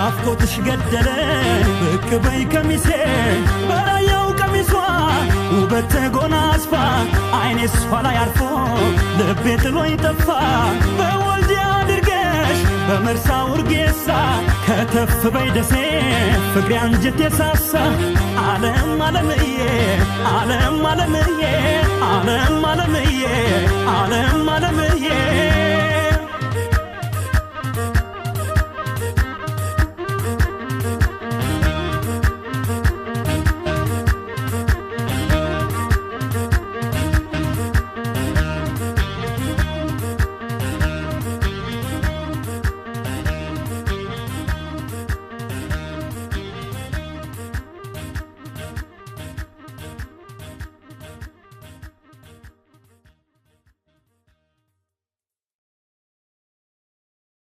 ናፍቆትሽ ገደለ ብቅ በይ ከሚሴ በላየው ቀሚሷ ውበት ተጎናጽፋ አይኔ እሷ ላይ አርፎ ልቤ ጥሎኝ ይጠፋ በወልዲያ አድርገሽ በመርሳ ውርጌሳ ከተፍ በይ ደሴ ፍቅሬ አንጀቴ ሳሳ ዓለም ዓለምዬ ዓለም ዓለምዬ ዓለም ዓለምዬ ዓለም